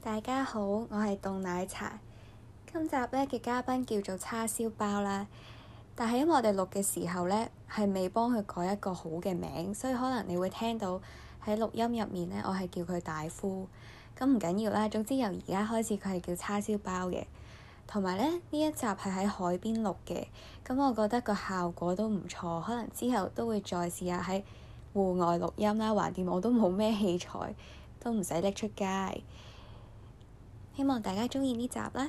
大家好，我係凍奶茶。今集咧嘅嘉賓叫做叉燒包啦，但係因為我哋錄嘅時候咧係未幫佢改一個好嘅名，所以可能你會聽到喺錄音入面咧，我係叫佢大夫。咁唔緊要啦。總之由而家開始佢係叫叉燒包嘅，同埋咧呢一集係喺海邊錄嘅，咁我覺得個效果都唔錯，可能之後都會再試下喺戶外錄音啦。橫掂我都冇咩器材，都唔使拎出街。希望大家中意呢集啦。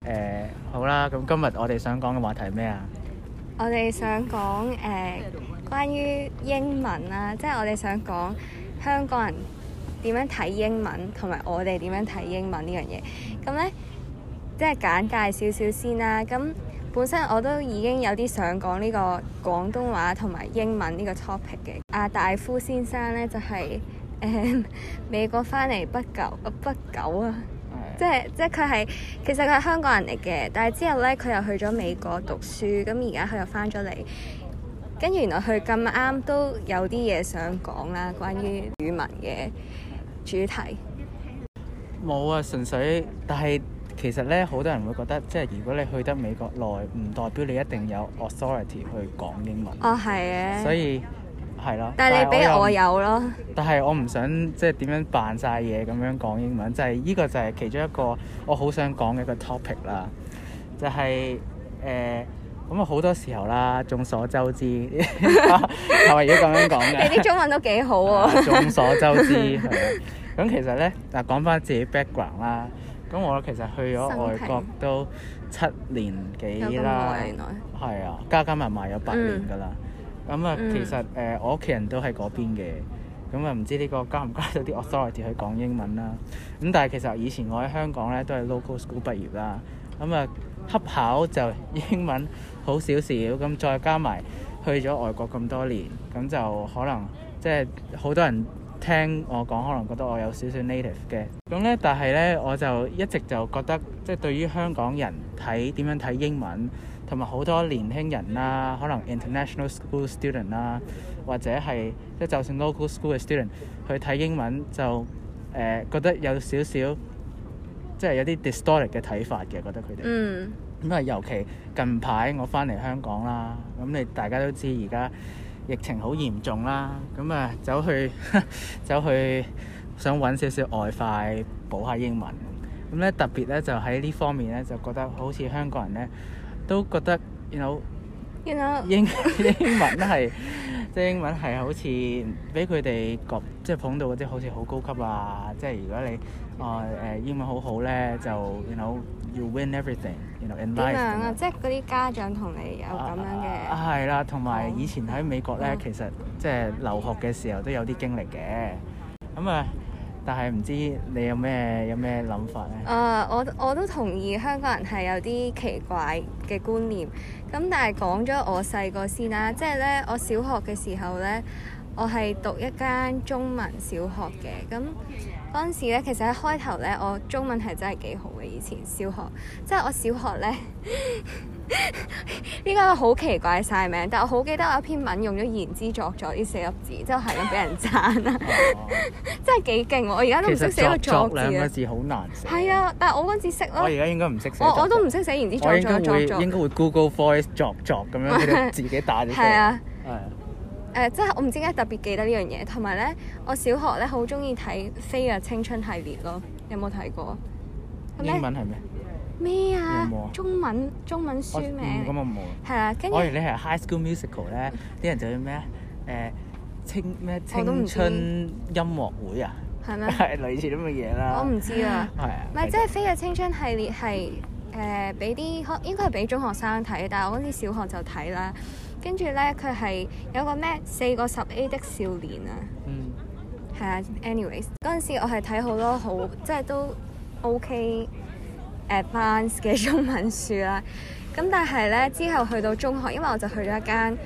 誒，好啦，咁今日我哋想講嘅話題係咩啊？我哋想講誒，關於英文啦，即係我哋想講香港人點樣睇英文，同埋我哋點樣睇英文呢樣嘢，咁呢。即係簡介少少先啦。咁本身我都已經有啲想講呢個廣東話同埋英文呢個 topic 嘅。阿大夫先生呢，就係誒美國翻嚟不久，不，不久啊，的即係即係佢係，其實佢係香港人嚟嘅，但係之後呢，佢又去咗美國讀書，咁而家佢又翻咗嚟，跟住原來佢咁啱都有啲嘢想講啦，關於語文嘅主題。冇啊，純粹，但係。其實咧，好多人會覺得，即係如果你去得美國內，唔代表你一定有 authority 去講英文。哦，係啊。所以係咯。但係你比我有咯。但係我唔想即係點樣扮晒嘢咁樣講英文，就係呢個就係其中一個我好想講嘅一個 topic 啦。就係誒，咁啊好多時候啦，眾所周知係咪而家咁樣講嘅？你啲中文都幾好喎。眾所周知，咁、 啊 啊、其實咧，嗱講翻自己 background 啦。咁我其實去咗外國都七年幾啦，有咁耐，係啊，加加埋埋有八年噶啦。咁啊、嗯，其實誒、嗯呃，我屋企人都喺嗰邊嘅，咁啊，唔知呢個加唔加到啲 authority 去講英文啦。咁但係其實以前我喺香港咧都係 local school 畢業啦，咁啊，恰巧就英文好少少，咁再加埋去咗外國咁多年，咁就可能即係好多人聽我講，可能覺得我有少少 native 嘅，咁咧，但係呢，我就一直就覺得，即係對於香港人睇點樣睇英文，同埋好多年輕人啦、啊，可能 international school student 啦、啊，或者係即就算 local school student 去睇英文就，就、呃、誒覺得有少少即係有啲 distorted 嘅睇法嘅，覺得佢哋。嗯。咁啊，尤其近排我翻嚟香港啦，咁你大家都知而家，疫情好嚴重啦，咁啊走去走去想搵少少外快補下英文，咁咧特別咧就喺呢方面咧就覺得好似香港人咧都覺得，然後 you know, You know. 英英文係 即係英文係好似俾佢哋覺即係捧到嗰啲好似好高級啊，即係如果你啊誒英文好好咧就然後。You know, 點 you know, 樣啊？即係嗰啲家長同你有咁樣嘅、啊？係、啊、啦，同埋、啊、以前喺美國咧，啊、其實即係留學嘅時候都有啲經歷嘅。咁啊，但係唔知你有咩有咩諗法咧？啊，我我都同意香港人係有啲奇怪嘅觀念。咁但係講咗我細個先啦，即係咧我小學嘅時候咧，我係讀一間中文小學嘅。咁嗰陣時咧，其實喺開頭咧，我中文係真係幾好嘅。以前小學，即係我小學咧，呢 個好奇怪晒名，但係我好記得我一篇文用咗言之鑿鑿，呢四粒字，即係咁俾人讚啦，啊哦、 真係幾勁！我而家都唔識寫個鑿字。兩個字好難寫。係啊，但係我嗰陣時識咯。我而家應該唔識寫。我都唔識寫言之鑿鑿。我應該會,作會 Google Voice 鑿鑿咁樣自己打咗。係 啊。係 Yeah. 誒，即係、呃、我唔知點解特別記得呢樣嘢。同埋咧，我小學咧好中意睇《飛躍青春》系列咯，有冇睇過？英文係咩？咩啊有有中？中文中文書名。我咁啊冇。係、嗯嗯嗯嗯、啊。跟住我哋呢係《啊、High School Musical》咧，啲人就叫咩？誒青咩青春音樂會啊？係咩？係嗎 類似咁嘅嘢啦。我唔知啊。係啊。唔係，即係《飛躍青春》系列係誒俾啲學應該係俾中學生睇，但係我好似小學就睇啦。跟住呢，佢係有個咩四個十 A 的少年啊，係、嗯、啊。anyways 嗰陣時我很很，我係睇好多好即係都 OK advance 嘅中文書啦。咁但係呢，之後去到中學，因為我就去咗一間誒、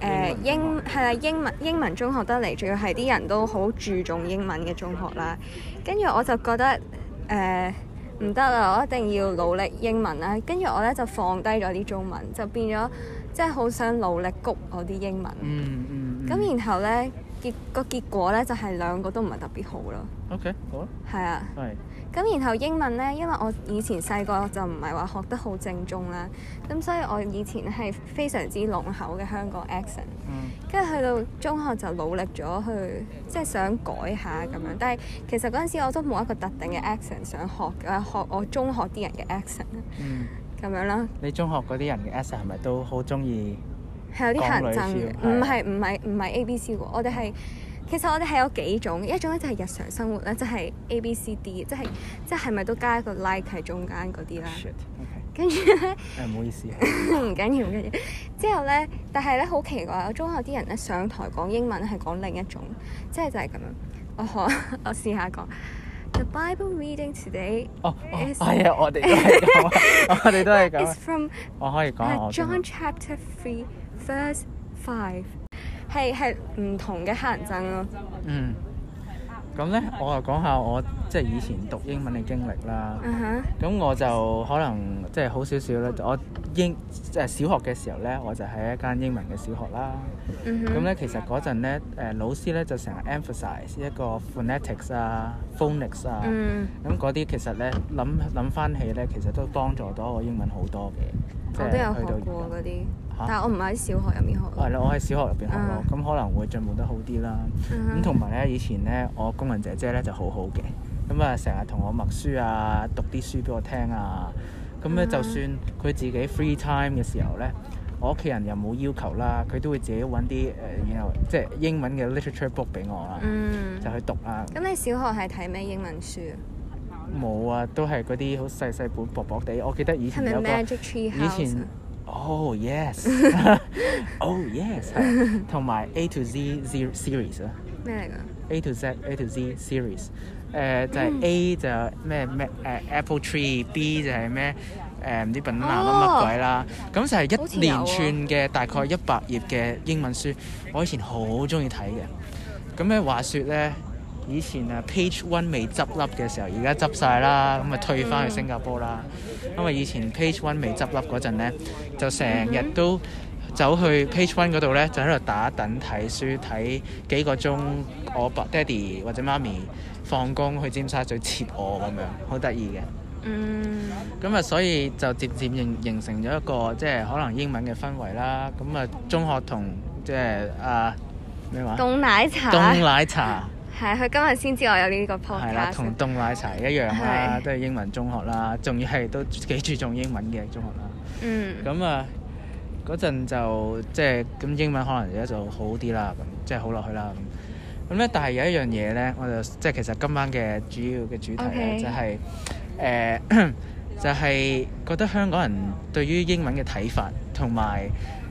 呃、英係啊英文英文中學得嚟，仲要係啲人都好注重英文嘅中學啦。跟住我就覺得誒。呃唔得啦！我一定要努力英文啦。跟住我咧就放低咗啲中文，就變咗即係好想努力谷我啲英文。嗯嗯。咁、嗯嗯、然後咧結個結果咧就係兩個都唔係特別好咯。OK，好。係 Okay, cool. 啊。係。咁然後英文呢，因為我以前細個就唔係話學得好正宗啦，咁所以我以前係非常之濃厚嘅香港 accent，跟住去到中學就努力咗去，即係想改下咁樣。但係其實嗰陣時我都冇一個特定嘅 accent 想學嘅，學我中學啲人嘅 accent 咁樣啦。你中學嗰啲人嘅 accent 係咪都好中意？係有啲客人憎嘅，唔係唔係唔係 A B C 嘅，我哋係。嗯其實我哋係有幾種，一種咧就係日常生活咧，就係、是、A B C D，即係即係咪都加一個 like 喺中間嗰啲啦。跟住咧，唔、uh, 好意思，唔緊要唔緊要。之後咧，但係咧好奇怪，我中學啲人咧上台講英文係講另一種，即係就係、是、咁樣。我 我試下講 The Bible reading today。哦，係啊， 我哋都係講、啊，我哋都係講。From 我可以講、uh, John chapter three verse five。係係唔同嘅現象咯。嗯，咁咧我又講下我即係、就是、以前讀英文嘅經歷啦。嗯咁、uh huh. 我就可能即係、就是、好少少咧。我英即係、就是、小學嘅時候咧，我就喺一間英文嘅小學啦。Uh huh. 嗯哼。咁咧其實嗰陣咧，誒、呃、老師咧就成日 emphasize 一個 phonetics 啊，phonics 啊。嗯、啊。咁嗰啲其實咧，諗諗翻起咧，其實都幫助到我英文好多嘅。Uh huh. 即我都有學過去到嗰啲。但係我唔喺小學入面學咯，係、啊嗯、我喺小學入邊學咯，咁可能會進步得好啲啦。咁同埋咧，以前咧，我工人姐姐咧就好好嘅，咁啊成日同我默書啊，讀啲書俾我聽啊。咁、嗯、咧、嗯、就算佢自己 free time 嘅時候咧，我屋企人又冇要求啦，佢都會自己揾啲誒，然、呃、後即係英文嘅 literature book 俾我啦、啊，嗯、就去讀啦、啊。咁你小學係睇咩英文書？冇啊，都係嗰啲好細細本薄薄地。我記得以前有個以前。以前嗯嗯哦 yes，哦 yes，同埋 A to Z series 啊。咩嚟噶？A to Z A to Z series，誒就係 A 就咩咩誒 Apple Tree，B 就係咩誒唔知品藍啦乜鬼啦，咁就係一連串嘅大概一百頁嘅英文書，我以前好中意睇嘅。咁咧話說咧，以前啊 Page One 未執笠嘅時候，而家執晒啦，咁咪退翻去新加坡啦。因為以前 Page One 未執笠嗰陣咧，就成日都走去 Page One 嗰度呢，就喺度打等睇書睇幾個鐘。我爸爹哋或者媽咪放工去尖沙咀接我咁樣，好得意嘅。嗯。咁啊，所以就漸漸形形成咗一個即係可能英文嘅氛圍啦。咁啊，中學同即係啊咩話？凍奶茶。凍奶茶。係，佢今日先知我有呢個 podcast。係啦，同凍奶茶一齊一樣啦，都係英文中學啦，仲要係都幾注重英文嘅中學啦。嗯。咁啊，嗰陣就即係咁英文可能而家就好啲啦，咁即係好落去啦。咁咧，但係有一樣嘢咧，我就即係其實今晚嘅主要嘅主題咧，就係誒，就係覺得香港人對於英文嘅睇法，同埋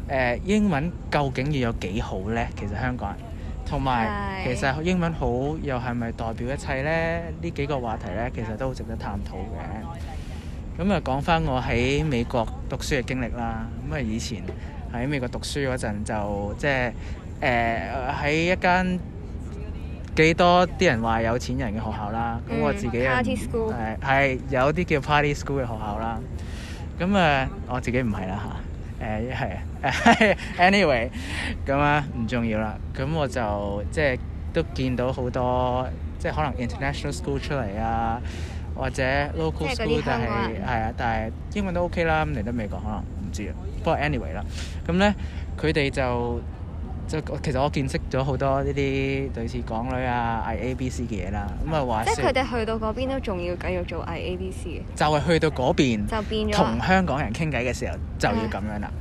誒英文究竟要有幾好咧？其實香港人。同埋，其實英文好又係咪代表一切呢？呢幾個話題呢，其實都好值得探討嘅。咁啊，講返我喺美國讀書嘅經歷啦。咁啊，以前喺美國讀書嗰陣就即係誒喺一間幾多啲人話有錢人嘅學校啦。咁我自己係係、嗯、有啲叫 party school 嘅學校啦。咁啊、呃，我自己唔係啦嚇。誒、呃、係。Anyway，咁啊唔重要啦。咁我就即係都見到好多，即係可能 international school 出嚟啊，或者 local school，但係係啊，但係英文都 OK 啦。你都未嚟到美國可能唔知啊。不過 anyway 啦，咁咧佢哋就就，其實我見識咗好多呢啲類似港女啊偽 ABC 嘅嘢啦。咁啊話即係佢哋去到嗰邊都仲要繼續做偽 ABC。就係去到嗰邊，就變咗同香港人傾偈嘅時候就要咁樣啦。嗯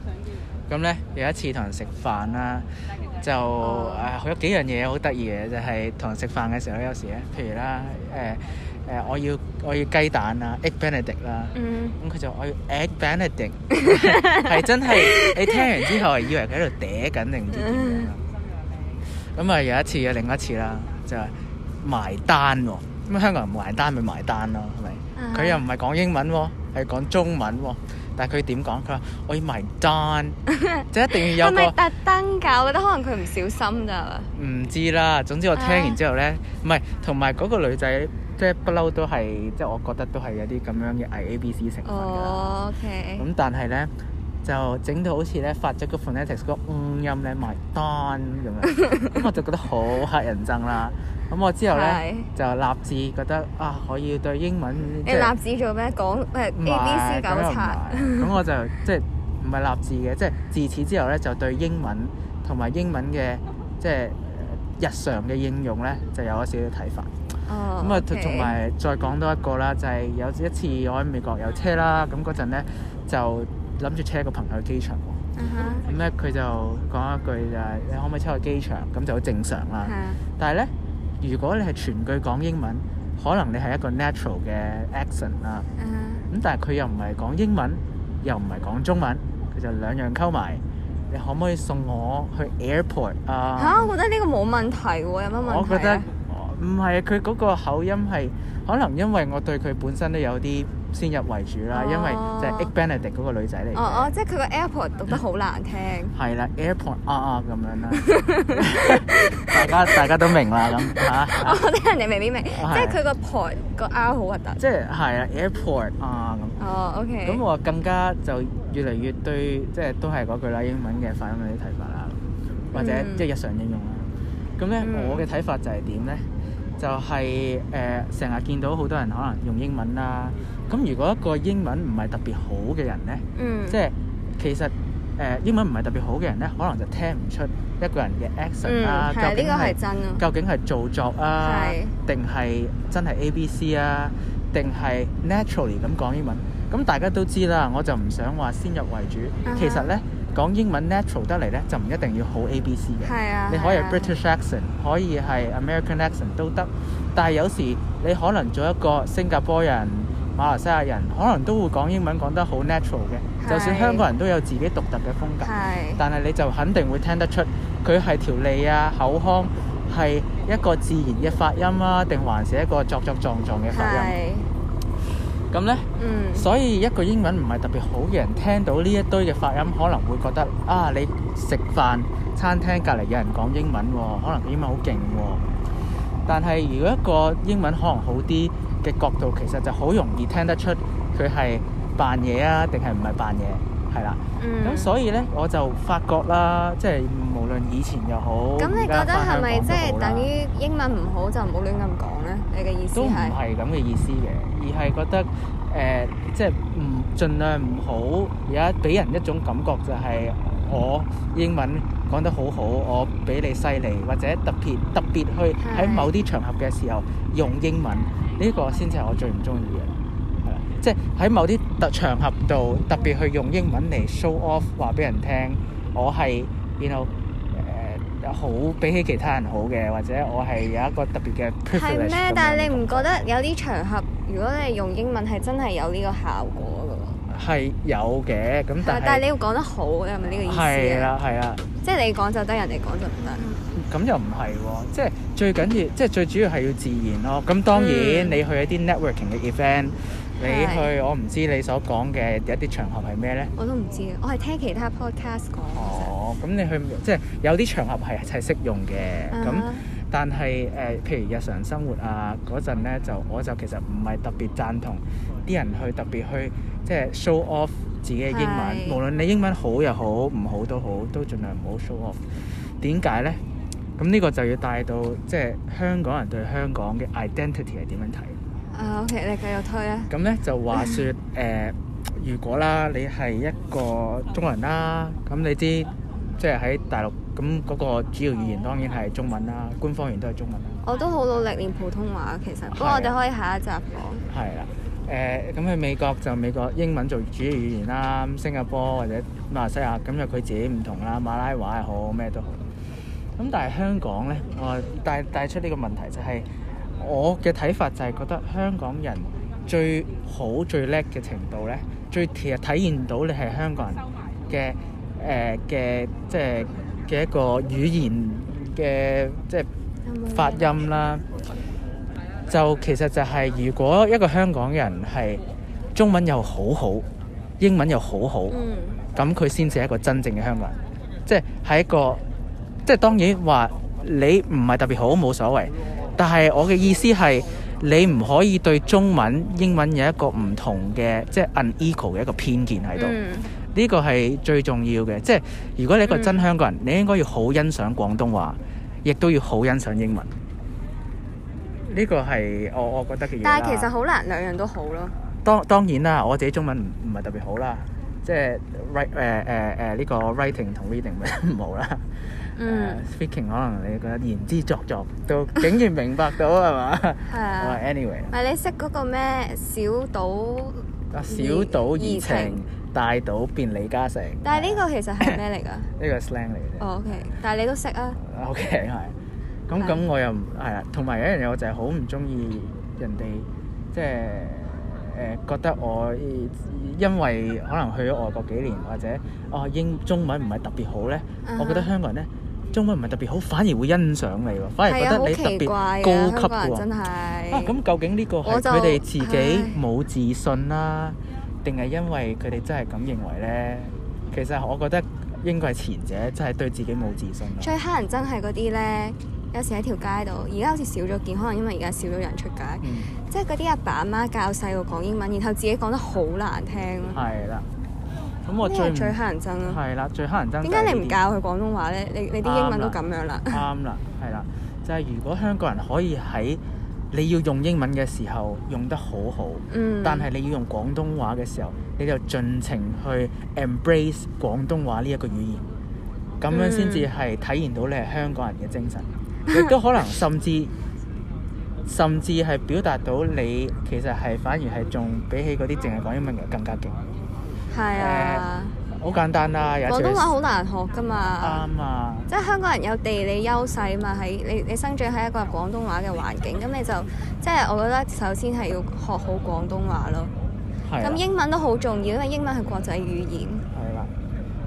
咁咧有一次同人食飯啦，就誒有、啊、幾樣嘢好得意嘅，就係、是、同人食飯嘅時候咧，有時咧，譬如啦誒誒，我要我要雞蛋啦，egg Benedict 啦、mm，咁、hmm。佢就我要 egg Benedict，係 真係你、欸、聽完之後係以為佢喺度嗲緊定唔知點樣咁啊 有一次啊另一次啦，就係、是、埋單喎、哦，咁香港人埋單咪埋單、哦 uh huh。咯，係咪？佢又唔係講英文喎，係講中文喎。但係佢點講？佢話 Oh my god 就一定要有個特登教， 是是我覺得可能佢唔小心咋。唔知啦，總之我聽完之後咧，唔係同埋嗰個女仔，即係不嬲都係，即係我覺得都係有啲咁樣嘅偽 A B C 成分㗎。咁、oh, okay. 嗯、但係咧，就整到好似咧發咗個 phonetics 嗰個音咧 my god 咁 我就覺得好乞人憎啦。咁我之後咧的就立志覺得啊，我要對英文。立、就、志、是、做咩？講唔係 A B C 咁我就即係唔係立志嘅，即、就、係、是就是、自此之後咧就對英文同埋英文嘅即係日常嘅應用咧就有一少少睇法。哦、oh, okay.。咁啊，同埋再講多一個啦，就係、是、有一次我喺美國有車啦，咁嗰陣咧就諗住車個朋友去機場喎。咁咧佢就講一句就係、是：你可唔可以車去機場？咁就好正常啦。Mm hmm. 但係咧。如果你係全句講英文，可能你係一個 natural 嘅 accent 啦。咁、uh huh. 但係佢又唔係講英文，又唔係講中文，佢就兩樣溝埋。你可唔可以送我去 airport、uh, 啊？嚇！我覺得呢個冇問題喎、啊，有乜問題、啊？我覺得唔係啊，佢嗰個口音係可能因為我對佢本身都有啲先入為主啦，因為就係 Evanedy 嗰個女仔嚟哦哦，即係佢個 airport 讀得好難聽。係啦，airport R 咁樣啦。大家大家都明啦，咁吓。啲人又未必明，即係佢個 port 個 R 好核突。即係係啊，airport R 咁。哦，OK。咁我更加就越嚟越對，即係都係嗰句啦，英文嘅發音嗰啲睇法啦，或者即係日常應用啦。咁咧，我嘅睇法就係點咧？就係、是、誒，成、呃、日見到好多人可能用英文啦、啊。咁如果一個英文唔係特別好嘅人呢，嗯、即係其實誒、呃、英文唔係特別好嘅人呢，可能就聽唔出一個人嘅 accent 啦。係呢個係真啊。嗯、究竟係造作啊，定係真係 ABC 啊，定係 naturally 咁講英文？咁大家都知啦，我就唔想話先入為主。其實呢。Uh huh. 講英文 natural 得嚟呢，就唔一定要好 A B C 嘅，啊、你可以 British accent，啊、可以係 American accent 都得。但係有時你可能做一個新加坡人、馬來西亞人，可能都會講英文講得好 natural 嘅。是就算香港人都有自己獨特嘅風格，是但係你就肯定會聽得出，佢係條脷啊、口腔係一個自然嘅發音啦、啊，定還是一個作作狀狀嘅發音？咁咧，呢嗯、所以一個英文唔係特別好嘅人聽到呢一堆嘅發音，可能會覺得啊，你食飯餐廳隔離有人講英文喎、哦，可能佢英文好勁喎。但係如果一個英文可能好啲嘅角度，其實就好容易聽得出佢係扮嘢啊，定係唔係扮嘢。係啦，咁、嗯、所以咧，我就發覺啦，即係無論以前又好，咁你覺得係咪即係等於英文唔好就唔好亂咁講咧？你嘅意思係都唔係咁嘅意思嘅，而係覺得誒、呃，即係唔盡量唔好而家俾人一種感覺就係我英文講得好好，我比你犀利，或者特別特別去喺某啲場合嘅時候用英文，呢個先至係我最唔中意嘅。即係喺某啲特場合度，特別去用英文嚟 show off，話俾人聽，我係然後誒好比起其他人好嘅，或者我係有一個特別嘅 purpose 係咩嗎？樣但係你唔覺得有啲場合，如果你用英文係真係有呢個效果嘅喎？係有嘅，咁但係但係你要講得好，你係咪呢個意思啊？係啦，係啦，即係你講就得，人哋講就唔得。咁、嗯、又唔係喎，即係最緊要，即係最主要係要自然咯。咁當然、嗯、你去一啲 networking 嘅 event。你去，我唔知你所講嘅一啲場合係咩呢？我都唔知我係聽其他 podcast 講。哦，咁、嗯、你去即係有啲場合係係適用嘅，咁、uh huh. 但係誒、呃，譬如日常生活啊嗰陣呢，就我就其實唔係特別贊同啲人去特別去即係 show off 自己嘅英文，是無論你英文好又好，唔好都好，都盡量唔好 show off。點解呢？咁呢個就要帶到即係香港人對香港嘅 identity 係點樣睇？啊，OK，你繼續推啊。咁咧就話說，誒，如果啦，你係一個中國人啦，咁你知，即係喺大陸，咁嗰個主要語言當然係中文啦，官方語言都係中文啦。我都好努力練普通話，其實。不過我哋可以下一集講。係啦，誒，咁去美國就美國英文做主要語言啦，咁新加坡或者馬來西亞咁就佢自己唔同啦，馬拉話係好，咩都好。咁但係香港咧，我帶帶出呢個問題就係。我嘅睇法就係覺得香港人最好最叻嘅程度呢，最其實體現到你係香港人嘅，誒嘅，即係嘅一個語言嘅即係發音啦。是是就其實就係如果一個香港人係中文又好好，英文又好好，咁佢先至係一個真正嘅香港人。即係一個即係當然話你唔係特別好冇所謂。但係我嘅意思係，你唔可以對中文、英文有一個唔同嘅，即係 unequal 嘅一個偏見喺度。呢 mm. 個係最重要嘅。即係如果你係一個真香港人，mm. 你應該要好欣賞廣東話，亦都要好欣賞英文。呢個係我我覺得嘅。但係其實好難兩樣都好咯。當當然啦，我自己中文唔唔係特別好啦，即係 write 誒誒誒呢個 writing 同 reading 咪唔好啦。嗯，speaking 可能你覺得言之鑿鑿都竟然明白到係嘛？係啊。Anyway，咪你識嗰個咩小島？啊，小島怡情，大島變李嘉誠。但係呢個其實係咩嚟㗎？呢個係 slang 嚟嘅。哦，OK，但係你都識啊？OK 係。咁咁，我又唔係啦。同埋有一樣嘢，我就係好唔中意人哋即係誒覺得我因為可能去咗外國幾年，或者啊英中文唔係特別好咧，我覺得香港人咧。中文唔係特別好，反而會欣賞你喎，反而覺得你特別高級㗎喎，真係。咁、啊、究竟呢個係佢哋自己冇自信啦、啊，定係的因為佢哋真係咁認為呢？其實我覺得應該係前者，真、就、係、是、對自己冇自信、啊。最黑人真係嗰啲呢，有時喺條街度，而家好似少咗見，可能因為而家少咗人出街，即係嗰啲阿爸阿媽,媽教細個講英文，然後自己講得好難聽咯。係啦。咁我最最黑人憎啦、啊！係啦，最乞人憎。點解你唔教佢廣東話呢？你你啲英文了都咁樣啦。啱啦，係啦，就係、是、如果香港人可以喺你要用英文嘅時候用得好好，嗯、但係你要用廣東話嘅時候，你就盡情去 embrace 廣東話呢一個語言，咁樣先至係體現到你係香港人嘅精神，亦、嗯、都可能甚至 甚至係表達到你其實係反而係仲比起嗰啲淨係講英文嘅更加勁。係啊，好簡單啊。廣東話好難學㗎嘛，啱啊。即係香港人有地理優勢嘛，喺你你生長喺一個廣東話嘅環境，咁你就即係我覺得首先係要學好廣東話咯。係、啊。咁英文都好重要，因為英文係國際語言。係啦、啊。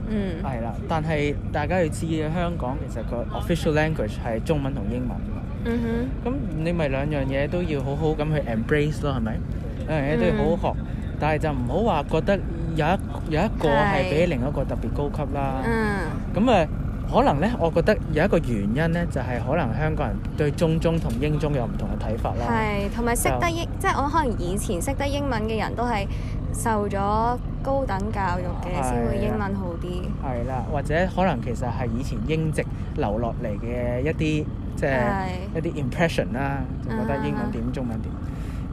嗯。係啦、啊，但係大家要知，香港其實個 official language 係中文同英文㗎嘛。嗯哼。咁你咪兩樣嘢都要好好咁去 embrace 咯，係咪？誒、嗯，都要好好學，但係就唔好話覺得。有一有一個係比另一個特別高級啦，咁誒、嗯、可能咧，我覺得有一個原因咧，就係、是、可能香港人對中中同英中有唔同嘅睇法啦。係，同埋識得英，就即係我可能以前識得英文嘅人都係受咗高等教育嘅，先會英文好啲。係啦、啊啊，或者可能其實係以前英殖留落嚟嘅一啲即係一啲 impression 啦，就覺得英文點，嗯、中文點。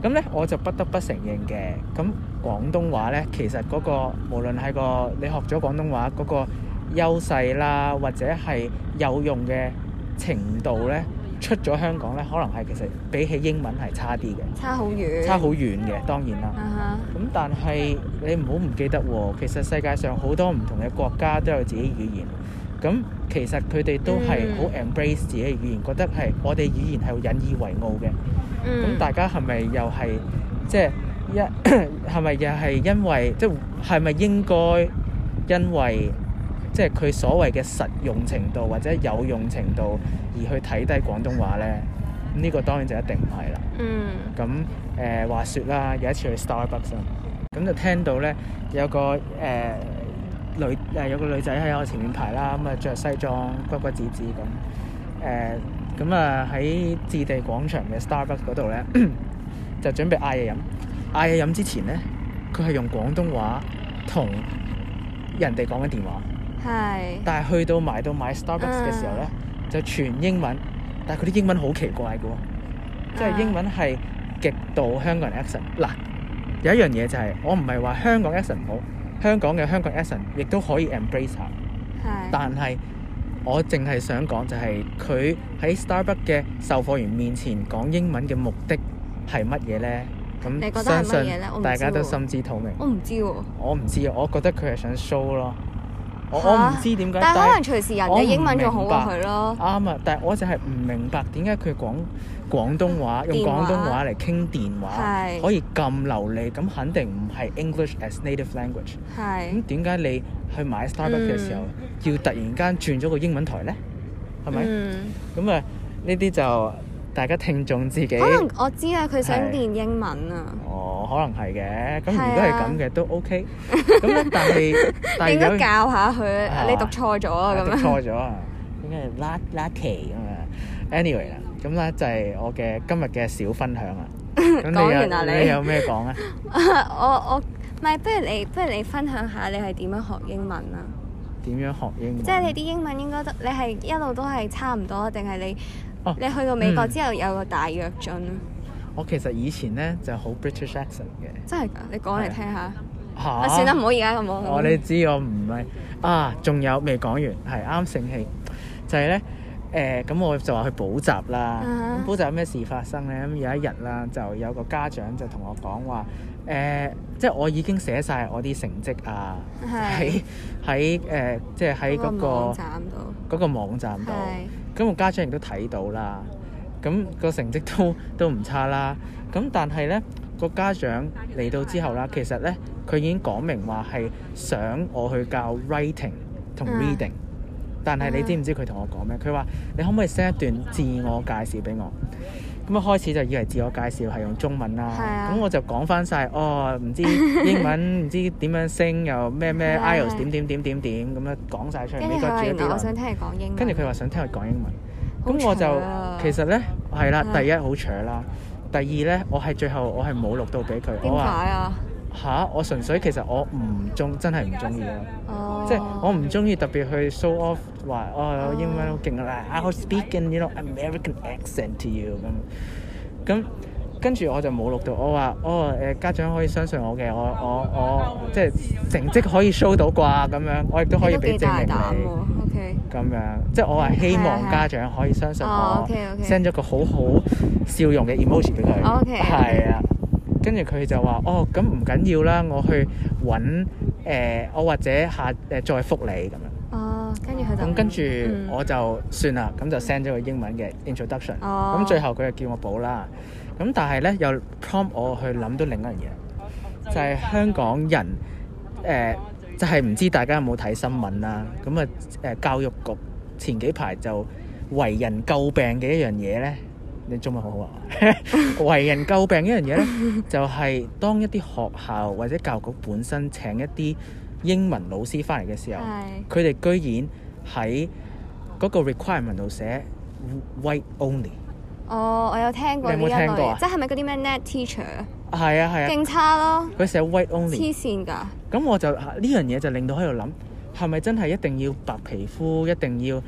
咁咧，我就不得不承認嘅。咁廣東話呢，其實嗰、嗰個無論係個你學咗廣東話嗰、嗰個優勢啦，或者係有用嘅程度呢，出咗香港呢，可能係其實比起英文係差啲嘅。差好遠。差好遠嘅，當然啦。咁、uh huh. 但係你唔好唔記得喎，其實世界上好多唔同嘅國家都有自己語言。咁其實佢哋都係好 embrace 自己嘅語言，嗯、覺得係我哋語言係引以為傲嘅。咁、嗯、大家係咪又係即係一係咪 又係因為即係係咪應該因為即係佢所謂嘅實用程度或者有用程度而去睇低廣東話咧？呢個當然就一定唔係啦。嗯。咁誒、呃、話說啦，有一次去 Starbucks 咁就聽到咧有個誒、呃、女誒、呃、有個女仔喺我前面排啦，咁啊着西裝骨骨子子咁誒。呃咁啊，喺置、嗯、地廣場嘅 Starbucks 嗰度咧， 就準備嗌嘢飲。嗌嘢飲之前咧，佢係用廣東話同人哋講緊電話。係是。但係去到埋到買 Starbucks 嘅時候咧，啊、就全英文。但係佢啲英文好奇怪嘅喎，即、就、係、是、英文係極度香港人 accent。嗱、啊，有一樣嘢就係、是，我唔係話香港 accent 唔好，香港嘅香港 accent 亦都可以 embrace 下。係是。但係。我淨係想講，就係佢喺 Starbucks 嘅售貨員面前講英文嘅目的係乜嘢呢？咁相信大家都心知肚明。我唔知喎，我唔知，我覺得佢係想 show 咯。我唔知點解，可能隨時人哋英文仲好過佢咯。啱啊！但係我就係唔明白點解佢講廣東話，用廣東話嚟傾電話，是可以咁流利，咁肯定唔係 English as native language。係咁點解你去買 Starbucks 嘅時候，嗯、要突然間轉咗個英文台咧？係咪？咁啊、嗯，呢啲就。大家聽眾自己，可能我知啊，佢想練英文啊。哦，可能係嘅，咁如果係咁嘅，啊、都 OK。咁咧，但係 是應該教下佢，啊、你讀錯咗啊？咁樣、啊、讀錯咗啊？應該係 luck lucky 咁啊。Anyway 啦，咁咧就係我嘅今日嘅小分享啊。講完啦，你有咩講 啊 我？我我唔不，不如你不如你分享下你係點樣學英文啊？點樣學英文？即係你啲英文應該都，你係一路都係差唔多，定係你？Oh, 你去到美國之後有個大躍進。我其實以前咧就好 British accent 嘅。真係㗎，你講嚟聽，聽下。嚇是！啊、算啦，唔好而家，咁講我你知我唔係啊，仲有未講完，係啱醒氣，就係咧誒，咁、呃、我就話去補習啦。Uh huh. 補習有咩事發生咧？咁有一日啦，就有個家長就同我講話誒，即係我已經寫晒我啲成績啊，喺喺誒，即係喺嗰個網嗰個網站度。 咁個家長亦都睇到啦，咁個成績都都唔差啦。咁但係呢個家長嚟到之後啦，其實呢，佢已經講明話係想我去教 writing 同 reading。Uh, 但係你知唔知佢同我講咩？佢話你可唔可以 send 一段自我介紹俾我？咁一開始就以為自我介紹係用中文啦，咁、啊嗯、我就講翻晒：「哦，唔知英文唔 知點樣升，又咩咩 IELTS 點點點點點咁樣講晒出嚟，美國住嗰邊。跟住我想聽佢講英文。跟住佢話想聽佢講英文，咁、啊嗯、我就其實呢，係啦，第一好扯啦，第二呢，我係最後我係冇錄到俾佢。我話吓，我純粹其實我唔中，真係唔中意咯。Oh. 即係我唔中意特別去 show off，話我英文好勁啦！I'll speak in you know American accent to you 咁。咁跟住我就冇錄到。我話哦誒，oh, 家長可以相信我嘅，我我我即係成績可以 show 到啩咁樣，我亦都可以俾證明你。OK 咁樣即係我係希望家長可以相信我，send 咗個好好笑容嘅 emoji 俾佢。OK, okay。係啊。跟住佢就話：哦，咁唔緊要啦，我去揾誒、呃，我或者下誒、呃、再覆你咁樣。哦，就是嗯、跟住佢就咁跟住我就算啦，咁就 send 咗個英文嘅 introduction。哦，咁、嗯、最後佢又叫我補啦。咁、嗯、但係咧，又 prompt 我去諗到另一樣嘢，就係、是、香港人誒、呃，就係、是、唔知大家有冇睇新聞啦、啊。咁啊誒，教育局前幾排就為人詬病嘅一樣嘢咧。你中文好好啊！ 為人詬病一樣嘢咧， 就係當一啲學校或者教育局本身請一啲英文老師翻嚟嘅時候，佢哋是居然喺嗰個 requirement 度寫 white only。哦，oh，我有聽過你有冇聽過是是啊？即係咪嗰啲咩 NET teacher？係啊係啊。勁差、啊、咯！佢寫 white only。黐線㗎！咁我就呢樣嘢就令到喺度諗，係咪真係一定要白皮膚，一定要誒？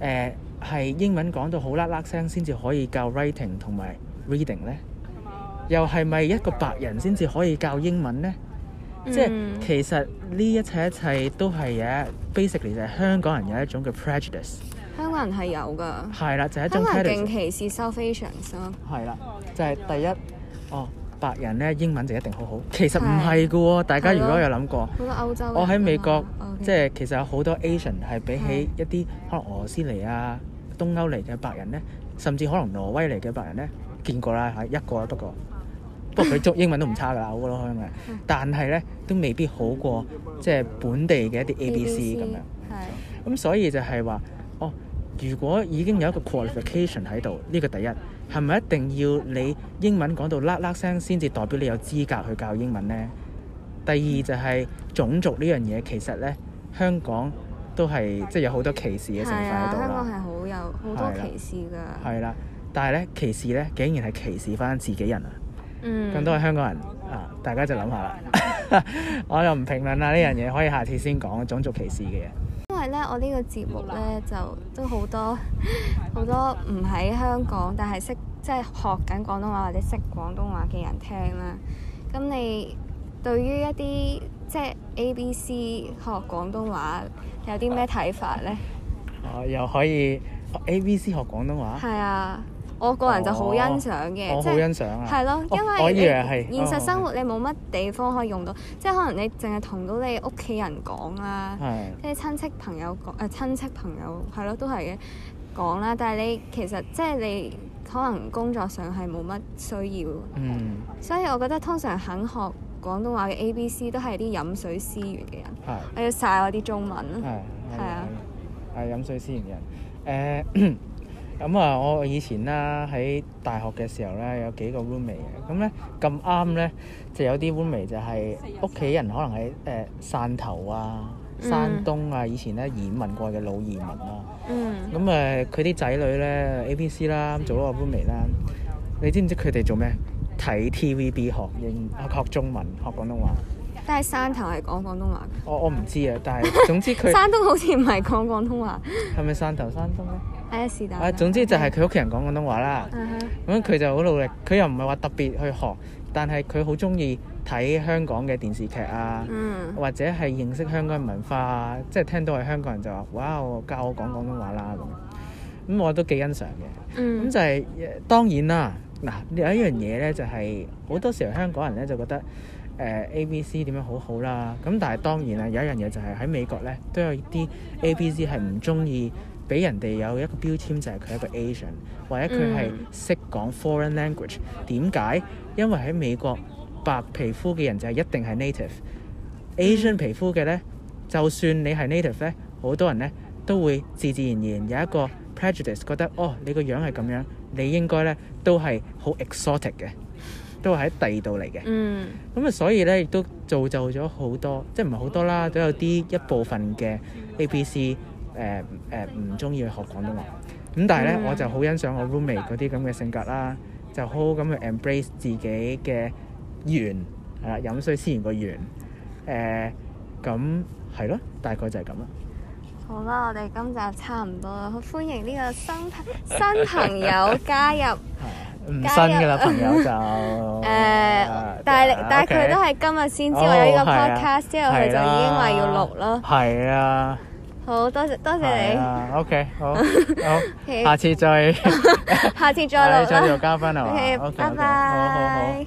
呃係英文講到好啦啦聲先至可以教 writing 同埋 reading 呢？又係咪一個白人先至可以教英文呢？嗯、即係其實呢一切一切都係有、啊、basically 就係香港人有一種嘅 prejudice。香港人係有㗎。係啦，就係、是、一種偏見。香港人勁歧視收菲學生。係啦，就係、是、第一哦，白人呢，英文就一定好好。其實唔係㗎喎，的大家如果有諗過，歐洲我喺美國。嗯。即係其實有好多 Asian 係比起一啲可能俄羅斯嚟啊、東歐嚟嘅白人咧，甚至可能挪威嚟嘅白人咧，見過啦，係一個啊不過，不過佢中英文都唔差㗎喇，好咯，英文。但係咧都未必好過即係本地嘅一啲 ABC 咁樣。係。咁、嗯、所以就係話，哦，如果已經有一個 qualification 喺度，呢、呢個第一係咪一定要你英文講到啦啦聲先至代表你有資格去教英文咧？第二就係種族呢樣嘢，其實咧。香港都係即係有好多歧視嘅成分喺度，啊，香港係好有好多歧視㗎。係啦，但係咧歧視咧竟然係歧視翻自己人啊！咁都係香港人 Okay. 啊，大家就諗下啦。 我又唔評論啦呢樣嘢， 可以下次先講種族歧視嘅嘢。因為咧，我呢個節目咧就都好多好多唔喺香港，但係識即係學緊廣東話或者識廣東話嘅人聽啦。咁你？對於一啲即係 A B C 學廣東話有啲咩睇法呢？哦，又可以學、哦、A B C 學廣東話？係啊，我個人就好欣賞嘅，哦、即係是好欣賞啊！係咯、啊，因為現實生活你冇乜地方可以用到，哦、即係可能你淨係同到你屋企人講啦、啊，即係、啊、親戚朋友講，誒、啊、親戚朋友係咯、啊、都係嘅講啦。但係你其實即係你可能工作上係冇乜需要，嗯，所以我覺得通常肯學廣東話嘅 A B C 都係啲飲水思源嘅人。是要我要晒我啲中文，是啊，係啊，係飲水思源嘅人。誒、欸，咁啊、 嗯，我以前啦喺大學嘅時候咧，有幾個 roommate 嘅、嗯，咁咧咁啱咧，就有啲 roommate 就係屋企人可能喺誒汕頭啊、山東啊，以前咧移民過嘅老移民啦。嗯，咁誒佢啲仔女咧 A B C 啦，是做咗個 roommate 啦，你知唔知佢哋做咩？睇 TVB 學英啊，學中文、學廣東話。但係山頭係講， 講廣東話。我我唔知啊，但係總之佢。山東好似唔係講廣東話。係咪山頭山東咧？係 啊，是但、啊。總之就係佢屋企人講廣東話啦。咁佢、uh huh. 嗯、就好努力，佢又唔係話特別去學，但係佢好中意睇香港嘅電視劇啊，uh huh. 或者係認識香港嘅文化啊，即、就、係、是、聽到係香港人就話：哇！我教我講廣東話啦咁。咁、嗯、我都幾欣賞嘅。咁、uh huh. 就係、是、當然啦。嗱，有一樣嘢咧，就係、是、好多時候香港人咧就覺得誒、呃、A B C 點樣好好啦。咁但係當然啦，有一樣嘢就係喺美國咧都有啲 A B C 係唔中意俾人哋有一個標籤，就係佢係一個 Asian 或者佢係識講 foreign language。點解？因為喺美國白皮膚嘅人就係一定係 native，Asian 皮膚嘅咧，就算你係 native 咧，好多人咧都會自自然然有一個 prejudice，覺得哦，你個樣係咁樣。你應該咧都係好 exotic 嘅，都喺第二度嚟嘅。咁啊，嗯、所以咧亦都造就咗好多，即係唔係好多啦，都有啲一部分嘅 ABC 誒誒唔中意去學廣東話。咁、嗯、但係咧，嗯、我就好欣賞我 roommate 嗰啲咁嘅性格啦，就好好咁去 embrace 自己嘅源，係啦，飲水思源個源。誒、呃，咁係咯，大概就係咁啦。好啦，我哋今集差唔多啦，好，歡迎呢個新朋新朋友加入，唔新嘅啦，朋友就誒，但係但係佢都係今日先知我有呢個 podcast，之後佢就已經話要錄咯，係啊，好多謝，多謝你，OK，好，好，下次再，下次再錄，再做嘉賓，OK，拜拜，